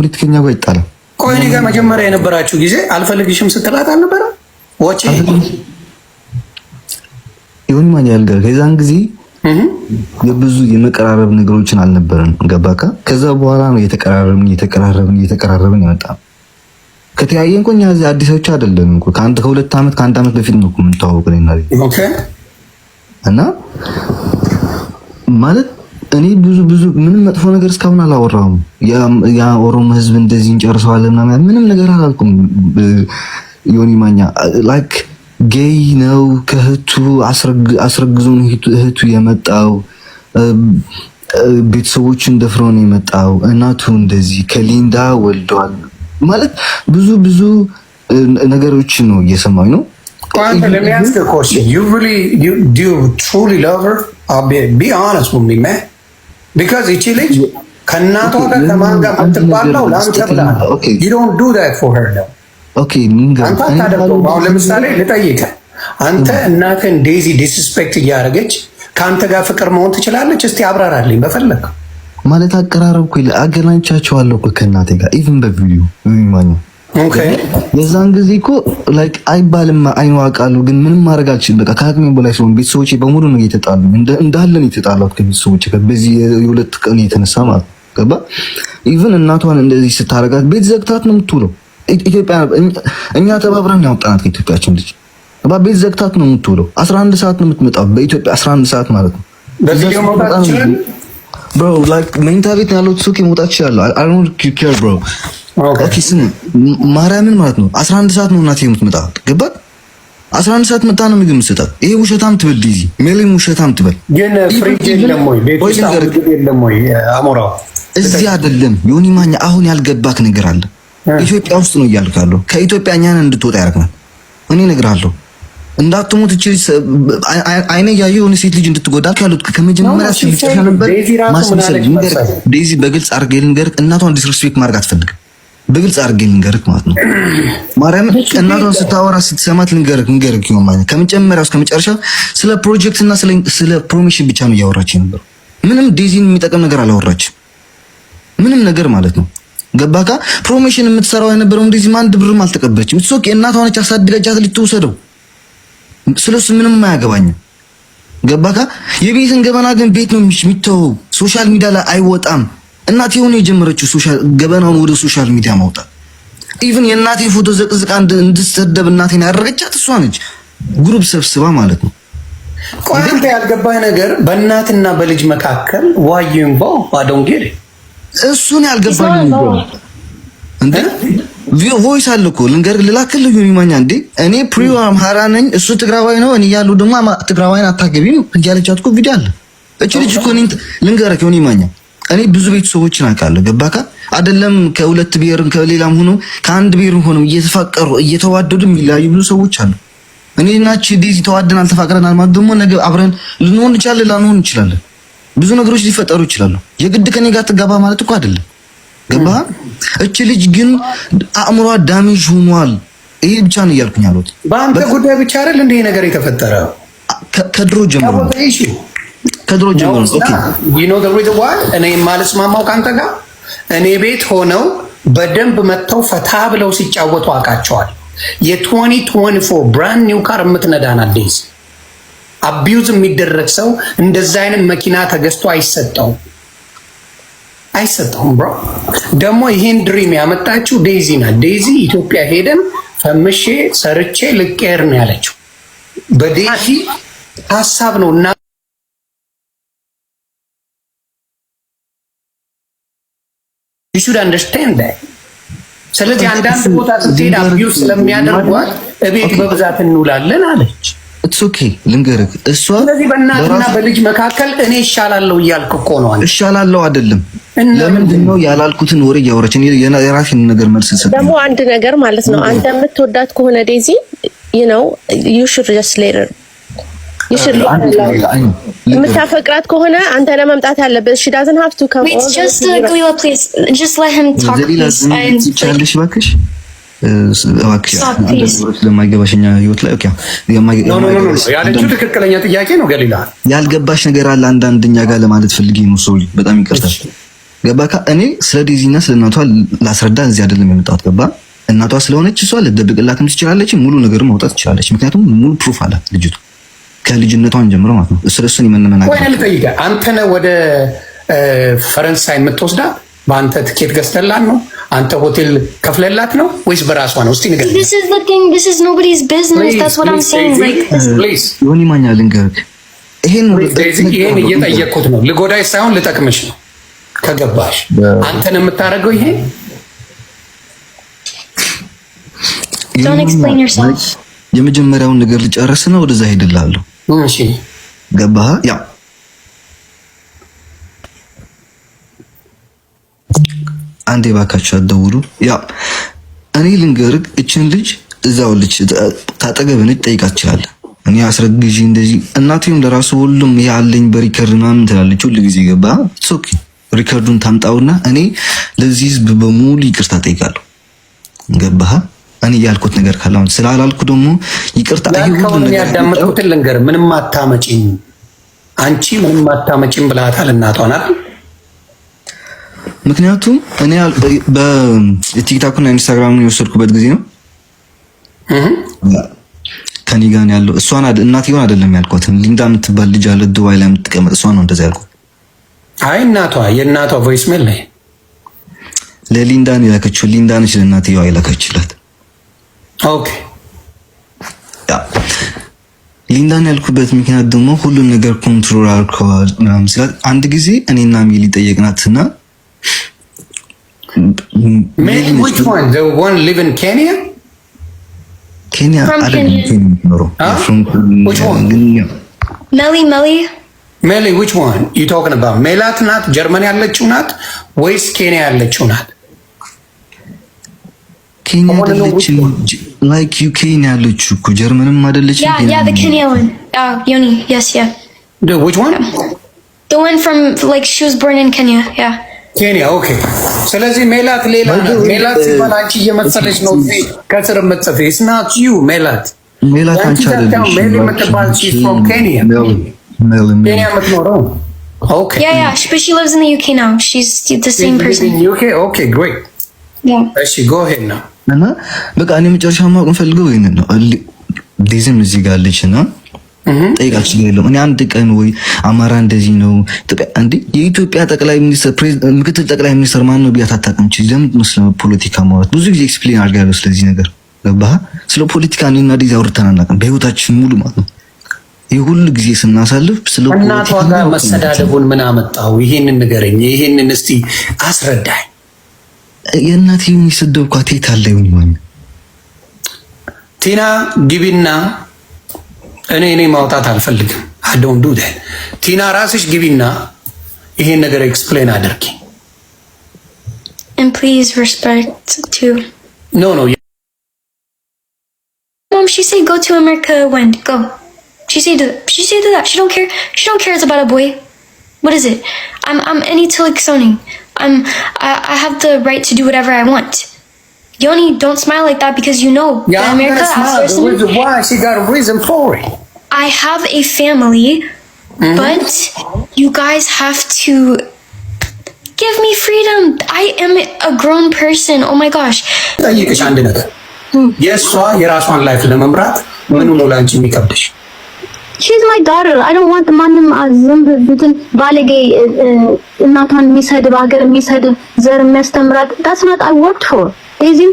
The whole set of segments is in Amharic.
ፖለቲከኛ ጋር ይጣላል። ቆይ እኔ ጋር መጀመሪያ የነበራችሁ ጊዜ አልፈልግሽም ስትላት አልነበረ ወጪ ይሁን ማን ያልጋ ከዛን ጊዜ የብዙ የመቀራረብ ነገሮችን አልነበረን ገባካ። ከዛ በኋላ ነው የተቀራረብን የተቀራረብን የተቀራረብን ያመጣ ነው። ከተያየን እኮ እኛ እዚህ አዲሶች አይደለም እኮ ከአንድ ከሁለት ዓመት ከአንድ ዓመት በፊት ነው የምንተዋወቅ እና ማለት እኔ ብዙ ብዙ ምንም መጥፎ ነገር እስካሁን አላወራሁም። የኦሮሞ ህዝብ እንደዚህ እንጨርሰዋለን ምንም ነገር አላልኩም። ዮኒ ማኛ ላይክ ጌይ ነው ከእህቱ አስረግዞን እህቱ የመጣው ቤተሰቦቹ ደፍሮ ነው የመጣው። እናቱ እንደዚህ ከሊንዳ ወልደዋል ማለት ብዙ ብዙ ነገሮችን ነው እየሰማኝ ነው። ለሚያስከ ኮርስ ዩ ሪሊ ዱ ትሩሊ ላቭ ሄር ቢ ኦነስት ዊዝ ሚ ማን ቢካዝ ይቺ ልጅ ከእናቷ ጋር ከማን ጋር የምትባለው ለአንተ ብላ አንተ አታደርገውም። አሁን ለምሳሌ ልጠይቅህ፣ አንተ እናትህን ዴዚ ዲስስፔክት እያደረገች ከአንተ ጋር ፍቅር መሆን ትችላለች? እስቲ አብራራልኝ በፈለግ ማለት አቀራረብኩ አገናኝቻቸዋለሁ ከእናቴ ጋር ኢቭን በቪዲዮ ማኘው የዛን ጊዜ እኮ ላይክ አይባልም አይዋ ቃሉ ግን ምንም ማድረግ አልችልም። በቃ ከአቅሜ በላይ ሲሆን ቤተሰቦች በሙሉ ነው እየተጣሉ እንዳለን የተጣሏት ከቤተሰቦች በዚህ የሁለት ቀን የተነሳ ማለት ገባ ኢቨን እናቷን እንደዚህ ስታረጋት ቤት ዘግታት ነው የምትውለው። ኢትዮጵያ እኛ ተባብረን ያወጣናት ከኢትዮጵያችን ልጅ ቤት ዘግታት ነው የምትውለው። 11 ሰዓት ነው የምትመጣው በኢትዮጵያ 11 ሰዓት ማለት ነው። ብሮ ላይክ መኝታ ቤት ያለው ሱቅ መውጣት ይችላል። አይ ዶንት ኬር ብሮ ኦኬ፣ ማርያምን ማለት ነው። 11 ሰዓት ነው እናቴ የምትመጣ ገባት። 11 ሰዓት መጣ ነው ምግብ የምትሰጣት። ይሄ ውሸታም ትበል ዲዚ ሜሊም ውሸታም ትበል። ግን ፍሪጅ የለም ወይ ቤት ውስጥ ምግብ የለም ወይ? አሞራው እዚህ አይደለም። ዮኒ ማኛ አሁን ያልገባክ ነገር አለ። ኢትዮጵያ ውስጥ ነው እያልካለሁ። ከኢትዮጵያ እኛን እንድትወጣ ያደርግናል። እኔ እነግርሃለሁ እንዳትሞት እቺ አይኔ ያየው የሆነ ሴት ልጅ እንድትጎዳ ያሉት ከመጀመሪያ ሲል ነበር። ማስመሰል ዴዚ በግልጽ አድርጌ ልንገርህ፣ እናቷን ዲስሪስፔክት ማድረግ አትፈልግም። በግልጽ አድርጌ ልንገርክ ማለት ነው። ማርያም እናቷን ስታወራ ስትሰማት ልንገርክ ንገርክ ይሆን ማለት ከመጨመሪያ እስከ መጨረሻ ስለ ፕሮጀክትና ስለ ፕሮሚሽን ብቻ ነው እያወራች ነበር። ምንም ዴዚን የሚጠቅም ነገር አላወራችም። ምንም ነገር ማለት ነው። ገባካ? ፕሮሚሽን የምትሰራው የነበረው ዴዚ አንድ ብርም አልተቀበለችም። እሱ እናቷ ነች አሳድጋቻት ልትወሰደው። ስለሱ ምንም አያገባኝም። ገባካ? የቤትን ገበና ግን ቤት ነው የሚተወው። ሶሻል ሚዲያ ላይ አይወጣም። እናቴ ሆነ የጀመረችው ሶሻል ገበናውን ወደ ሶሻል ሚዲያ ማውጣት ኢቭን የእናቴ ፎቶ ዘቅዝቃ እንድሰደብ እናቴን ያደረገቻት እሷ ነች። ግሩፕ ሰብስባ ማለት ነው። ቆንጆ ያልገባህ ነገር በእናትና በልጅ መካከል ዋዩን ባው አዶንጌል እሱን ያልገባኝ ነው እንዴ ቮይስ አለ እኮ ልንገርህ፣ ልላክልህ ይማኛ እንዴ እኔ ፕሪዮ አምሃራ ነኝ፣ እሱ ትግራዋይ ነው። እኔ ያሉ ደግሞ ትግራዋይን አታገቢም እያለቻት እኮ ቪዲዮ አለ። እቺ ልጅ እኮ ልንገርህ ይማኛ እኔ ብዙ ቤተሰቦችን አውቃለሁ። ገባካ አይደለም? ከሁለት ብሔርም ከሌላም ሆኖ ከአንድ ብሔርም ሆኖ እየተፋቀሩ እየተዋደዱ የሚለያዩ ብዙ ሰዎች አሉ። እኔ ዲዚ ተዋደናል፣ ተፋቅረናል ማለት ደግሞ ነገ አብረን ልንሆን እንችላለን፣ ላንሆን እንችላለን። ብዙ ነገሮች ሊፈጠሩ ይችላሉ። የግድ ከኔ ጋር ትጋባ ማለት እኮ አይደለም። ገባ እች ልጅ ግን አእምሯ ዳሜጅ ሆኗል። ይሄ ብቻ ነው እያልኩኝ አሉት። በአንተ ጉዳይ ብቻ አይደል እንዲህ ነገር የተፈጠረ ከድሮ ጀምሮ ከድሮ ጀምሮ እኔ የማልስማማው ከአንተ ጋር እኔ ቤት ሆነው በደንብ መጥተው ፈታ ብለው ሲጫወቱ አውቃቸዋል። የ2024 ብራንድ ኒው ካር የምትነዳና ዴይዚ አቢዩዝ የሚደረግ ሰው እንደዛ አይነት መኪና ተገዝቶ አይሰጠውም፣ አይሰጠውም። ብሮ ደግሞ ይሄን ድሪም ያመጣችው ዴይዚ ና ዴይዚ ኢትዮጵያ ሄደን ፈምሼ ሰርቼ ልቀር ነው ያለችው። በዴይዚ ሀሳብ ነው እና ሹድ should understand that ስለዚህ አንዳንድ ቦታ ስትሄድ አብዩዝ ስለሚያደርጓት እቤት በብዛት እንውላለን አለች። ኢትስ ኦኬ ልንገርህ፣ እሷ ስለዚህ በእናትና በልጅ መካከል እኔ እሻላለሁ እያልክ እኮ ነው አለ። እሻላለሁ አይደለም። ለምንድን ነው ያላልኩትን ወሬ የራሴን ነገር መልስ ደግሞ አንድ ነገር ማለት ነው አንተ የምትወዳት ከሆነ ዴዚ ዩ ኖ ዩ ሹድ ጀስት የምታፈቅራት ከሆነ አንተ ለመምጣት ያለበት እሺ። ዳዝን ቱ ለማይገባሽኛ ህይወት ላይ ትክክለኛ ጥያቄ ነው። ገሊላ ያልገባሽ ነገር አለ አንዳንድኛ ጋር ለማለት ፈልጌ ነው። ሰው በጣም ይቅርታል። ገባካ? እኔ ስለ ዴዚና ስለ እናቷ ላስረዳ እዚህ አይደለም የመጣሁት። ገባ? እናቷ ስለሆነች እሷ ልደብቅላትም ትችላለች። ሙሉ ነገርም ማውጣት ትችላለች። ምክንያቱም ሙሉ ፕሩፍ አላት ልጅቱ ከልጅነቷን ጀምሮ ማለት ነው። ስለሱን የምንመናገር ወይ ልጠይቀህ፣ አንተ ነህ ወደ ፈረንሳይ የምትወስዳ በአንተ ትኬት ገዝተላት ነው? አንተ ሆቴል ከፍለላት ነው ወይስ በራሷ ነው? እስቲ ንገረኝ። ማኛ ልንገርህ፣ ይሄን እየጠየቅኩት ነው። ልጎዳይ ሳይሆን ልጠቅምሽ ነው። ከገባሽ አንተን የምታደርገው ይሄ የመጀመሪያውን ነገር ልጨርስና ወደዛ ሄድላለሁ። እሺ ገባህ? ያ አንዴ ባካችሁ አደውሉ። ያ እኔ ልንገርህ፣ እችን ልጅ እዛው ልጅ ታጠገብህ ነች፣ ጠይቃት ትችላለህ። እኔ አስረግዤ እንደዚህ እናቴም ለራሱ ሁሉም ያለኝ በሪከርድ ምናምን ትላለች ሁሉ ጊዜ ገባ ሶኪ ሪከርዱን ታምጣውና እኔ ለዚህ ህዝብ በሙሉ ይቅርታ ጠይቃለሁ። ገባሃ? እኔ ያልኩት ነገር ካለ ስላላልኩ ደግሞ ይቅርታ። ያዳምጥኩትን ልንገር። ምንም አታመጪም አንቺ ምንም አታመጪም ብላታል እናቷን ምክንያቱም እኔ በቲክታኩና ኢንስታግራሙን የወሰድኩበት ጊዜ ነው ከኔ ጋር ያለው እሷን አድ እናትየውን አይደለም ያልኳት። ሊንዳ የምትባል ልጅ አለ ዱባይ ላይ የምትቀመጥ እሷን ነው እንደዛ ያልኩት። አይ እናቷ የእናቷ ቮይስ ሜል ላይ ለሊንዳ ነው የላከችው። ሊንዳ ነች ለእናትየዋ የላከችላት ኦኬ ሊንዳን ያልኩበት ምክንያት ደግሞ ሁሉን ነገር ኮንትሮል አልከዋል ምናምን ስላት፣ አንድ ጊዜ እኔና ሜሊ ጠየቅናትና ኬንያ ሜላት ናት፣ ጀርመን ያለችው ናት ወይስ ኬንያ ያለችው ናት? ኬንያ ላይክ ዩኬ ነው ያለችው እኮ ጀርመንም አይደለች። ያ yeah, the Kenya one. Oh, Yoni. Yes, yeah. The which one? The one from like she was born in Kenya. Yeah. ኬንያ ኦኬ። ስለዚህ ሜላት ሌላ ነው። ሜላት ሲባል አንቺ እየመሰለች ነው ከስር የምትጽፊ it's not you ሜላት ሜላት አንቺ አይደለሽ። ሜሊ የምትባል she's from Kenya. ኬንያ የምትኖረው Okay. yeah. yeah, but she lives in the UK now. She's the same person. In UK? Okay, great. Yeah. Actually, go ahead now. እና በቃ እኔ መጨረሻ ማወቅ ፈልገው ይሄንን ነው። ዲዝም እዚህ ጋር አለች እና ጠይቃችሁ የለውም። እኔ አንድ ቀን ወይ አማራ እንደዚህ ነው እንዴ? የኢትዮጵያ ጠቅላይ ሚኒስትር ምክትል ጠቅላይ ሚኒስትር ማን ነው ብያት አታውቅም። ለምን መስለ ፖለቲካ ማውራት ብዙ ጊዜ ኤክስፕሌን አድርጋለሁ ስለዚህ ነገር ገባህ? ስለ ፖለቲካ እኔና ዴዚ አውርተን አናውቅም በህይወታችን ሙሉ ማለት ነው። ይህ ሁሉ ጊዜ ስናሳልፍ ስለ እናቷ ጋር መሰዳደቡን ምን አመጣው? ይሄንን ንገረኝ፣ ይሄንን እስቲ አስረዳኝ። የእናትዬውን የሰደብኳት የት አለ? ይሁን ቲና ግቢና፣ እኔ እኔ ማውጣት አልፈልግም። አደውን ዱዳ ቲና ራስሽ ግቢና ይሄን ነገር ኤክስፕሌን አድርጊ። And please respect too. No, no. Mom, she said go to America when? Go. She said, she said that. She don't care. She don't care it's about a boy. What is it? I'm I'm Enitillik Soning. I'm I, I have the right to do whatever I want. Yoni, don't smile like that because you know yeah, that America outsourcing. Why she got a reason for it? I have a family, mm-hmm. but you guys have to give me freedom. I am a grown person. Oh my gosh. ጠይቅሽ አንድ ነገር የእሷ የራሷን ላይፍ ለመምራት ምኑ ነው ለአንቺ የሚከብድሽ? ሺዝ ማይ ዳተር አይ ዶንት ዋንት ማንም ዝም ብትን ባለጌ እናቷን የሚሰድብ ሀገር የሚሰድብ ዘር የሚያስተምራት ዳትስ ናት አይ ወርክ ፎር እዚህ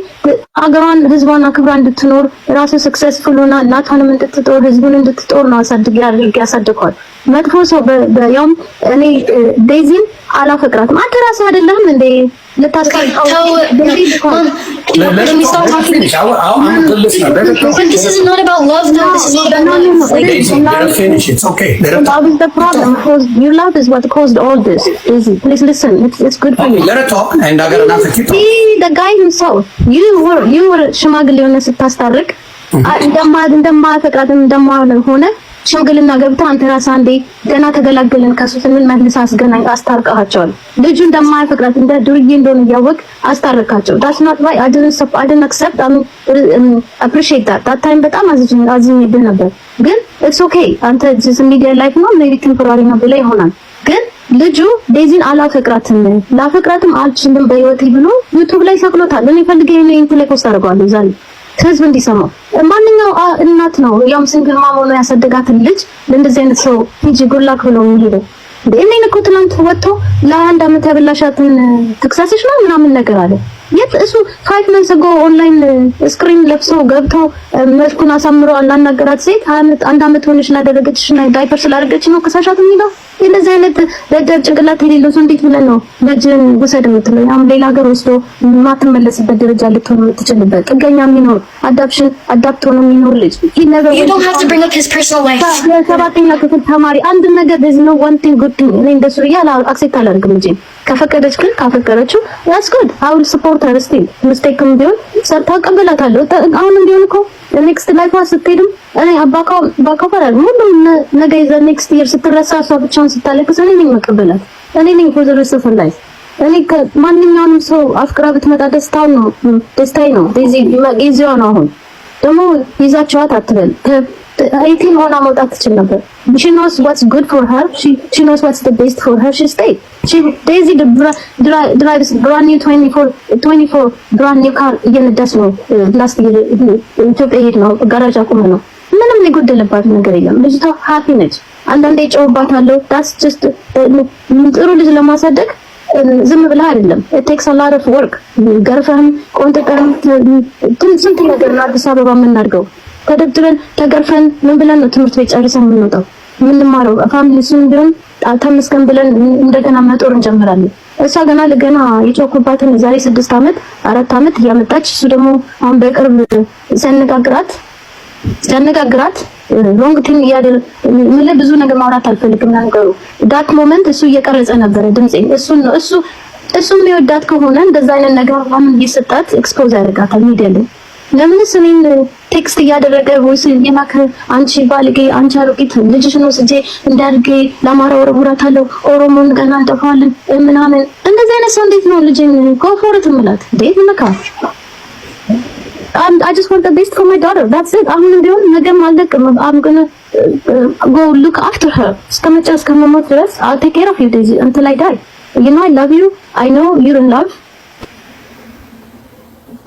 አገሯን ህዝቧን አክብራ እንድትኖር ራሱ ሰክሰስፉል ሆና እናቷንም እንድትጦር ህዝቡን እንድትጦር ነው አሳድግ ያድርግ ያሳድገዋል። መጥፎ ሰው ያውም እኔ ዴዚን አላፈቅራትም። አንተ ራስህ አይደለህም እንዴ ልታስቀምጠው let, me stop talking. Finish. I, will I'm a good listener. Let her finish. This is not about love, though. This is not about no, no, no. Daisy, let her finish. It's okay. Let her talk. the problem. Your love is what caused all this. Daisy, please listen. It's, it's good for okay, you. Let her talk, and I got enough to keep See The guy himself. You were you were ሽማግሌ የሆነ ስታስታርቅ እንደማ እንደማ ፈቃድ እንደማ ሆነ ሽምግልና ገብተህ አንተ ራስህ አንዴ ገና ተገላገልን ከሱ ስንል መልሰህ አስገናኝ አስታርቀሃቸዋል። ልጁ እንደማይፈቅራት እንደ ዱርዬ እንደሆነ እያወቅ አስታርቃቸው። ዳስ ኖት ባይ አይ ዶንት ሰፕ አይ አክሰፕት አም አፕሪሺየት ዳት ዳት ታይም በጣም አዝኝ አዝኝብህ ነበር፣ ግን ኢትስ ኦኬ አንተ ጀስ ሚዲያ ላይፍ ነው ሜቢ ቴምፖራሪ ነው ብለህ ይሆናል ግን ልጁ ዴዚን አላፈቅራትም ላፈቅራትም አልችልም በህይወቴ ብሎ ዩቱብ ላይ ሰቅሎታል። እኔ ፈልገኝ ነው ኢንተሌክት አድርገዋለሁ ዛሬ ህዝብ እንዲሰማው ማንኛው እናት ነው ያውም ሲንግል ማም ሆኖ ያሳደጋትን ልጅ ለእንደዚህ አይነት ሰው ሂጂ ጉላክ ብሎ የሚሄደው እንዴ እኔ እኮ ትናንት ወጥቶ ለአንድ አመት ያበላሻትን ትክሳሴሽ ነው ምናምን ነገር አለ። የት እሱ ፋይቭ መንስ ጎ ኦንላይን ስክሪን ለብሶ ገብቶ መልኩን አሳምሮ አላናገራት ሴት አንድ አመት ሆነሽ ላደረገች ዳይፐር ስላደረገች ነው ከሳሻት የሚለው። እንደዚህ አይነት ደደብ ጭንቅላት የሌለው ሰው እንዴት ብለህ ነው ልጅን ውሰድ የምትለው? ያም ሌላ ሀገር ወስዶ የማትመለስበት ደረጃ ልትሆን የምትችልበት ጥገኛ የሚኖር አዳፕሽን አዳፕት ሆኖ የሚኖር ልጅ ይህ ነገር ክፍል ተማሪ አንድ ነገር ዝ ነው ጉድ እኔ እንደሱ እያለ አክሴፕት አላደርግም እንጂ ከፈቀደች ግን ካፈቀደችው ያስ ጉድ አውል ስፖርት አር ምስቴክም ቢሆን ሰርታ አቀበላታለሁ። አሁን ቢሆን እኮ ኔክስት ላይፍ ስትሄድም እኔ ባካው ፈራል ሁሉም ነገ ይዘ ኔክስት ይር ስትረሳ እሷ ብቻውን ስታለቅስ እኔ ነኝ መቀበላት እኔ ነኝ ፎዘር ዘ ላይ ኦፍ እኔ ከማንኛውንም ሰው አፍቅራ ብትመጣ ደስታው ነው ደስታይ ነው ጊዜዋ ነው። አሁን ደግሞ ይዛቸዋት አትበል ኤቲን ሆና መውጣት ትችል ነበር። ሺ ኖስ ዋትስ ጉድ ፎር ሄር ሺ ኖስ ዋትስ ዘ ቤስት ፎር ሄር ሺ ስቴይ ሺ ዴዚ ድራይቭስ ብራንድ ኒው 24 ብራንድ ኒው ካር እየነዳች ነው። ላስት ይር ኢትዮጵያ ሄድ ነው ጋራጅ አቁመ ነው። ምንም የጎደለባት ነገር የለም። ልጅቷ ሃፒ ነች። አንዳንዴ ጨውባታለሁ። ዳስ ጀስት ጥሩ ልጅ ለማሳደግ ዝም ብለህ አይደለም። ቴክስ ላር ኦፍ ወርክ ገርፈህም ቆንጥጠህም ስንት ነገር ነው አዲስ አበባ የምናድገው ተደብድበን ተገርፈን ምን ብለን ነው ትምህርት ቤት ጨርሰን የምንወጣው? የምንማረው ፋሚሊ እሱን ቢሆን ተመስገን ብለን እንደገና መጦር እንጀምራለን። እሷ ገና ለገና የጮኩባትን ዛሬ ስድስት ዓመት አራት ዓመት እያመጣች እሱ ደግሞ አሁን በቅርብ ሲያነጋግራት ሲያነጋግራት ሎንግ ቲም እያደል ምን ብዙ ነገር ማውራት አልፈልግም። ነገሩ ዳት ሞመንት እሱ እየቀረጸ ነበረ ድምጼን እሱ ነው እሱ እሱ የሚወዳት ከሆነ እንደዛ አይነት ነገር አሁን እየሰጣት ኤክስፖዝ ያደርጋታል ሚዲያ ላይ ለምን ስሜን ቴክስት እያደረገ ቮይስ የላከ አንቺ ባልጌ፣ አንቺ አሮጊት ልጅሽን ወስጄ እንዳርጌ ለአማራ ወረውራታለሁ፣ ኦሮሞን ገና እንጠፋዋለን ምናምን። እንደዚህ አይነት ሰው እንዴት ነው ልጅን ኮንፎርት ምላት? እንዴት መካ I just want the best for my daughter. That's it. አሁን ቢሆን ነገም አልለቅም። I'm going to uh, go look after her. እስከመጨረስ ከመሞት ድረስ I'll take care of you Daisy until I die. You know I love you. I know you're in love.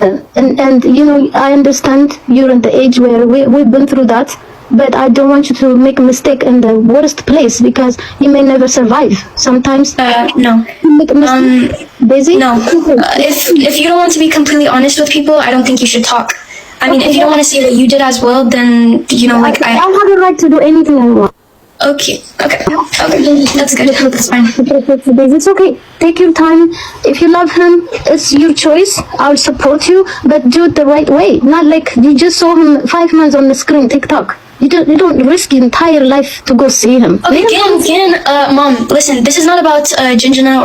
and and you know I understand you're in the age where we, we've been through that but I don't want you to make a mistake in the worst place because you may never survive sometimes uh, no um, busy no uh, if, if you don't want to be completely honest with people I don't think you should talk I mean if you don't want to say what you did as well then you know like I, I, I have the right to do anything I want Okay, okay, okay, that's good. That's fine. It's okay. Take your time. If you love him, it's your choice. I'll support you, but do it the right way. Not like you just saw him five months on the screen, TikTok. You don't, you don't risk your entire life to go see him. Okay, can, can, uh, mom, listen, this is not about uh,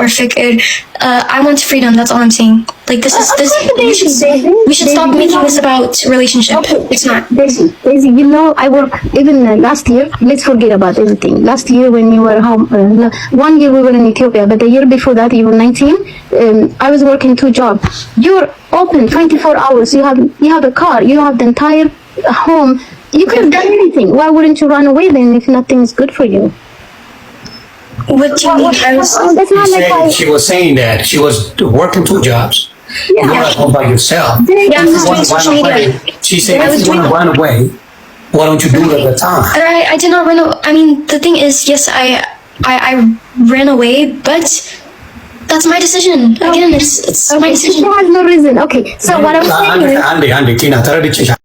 or Fikir. Uh, I want freedom, that's all I'm saying. Like, this uh, is, this, we should, we should stop making this about relationship. It's not. Daisy, Daisy, you know, I work, even uh, last year, let's forget about everything. Last year when you were home, uh, one year we were in Ethiopia, but the year before that, you were 19, um, I was working two jobs. You're open 24 hours, you have, you have a car, you have the entire home you could have done anything. Why wouldn't you run away then if nothing is good for you? What do was, oh, She like She was saying that, she was working two jobs. You were at home by yourself. Yeah, I'm You want social media. She said, if you wanna run away, why don't you do it at the time? But I, I did not run away. I mean, the thing is, yes, I, I, I ran away, but that's my decision. Oh. Again, it's, it's my decision. She has no reason. Okay, so mm-hmm. what I'm uh, saying is. Andy, Andy, Tina,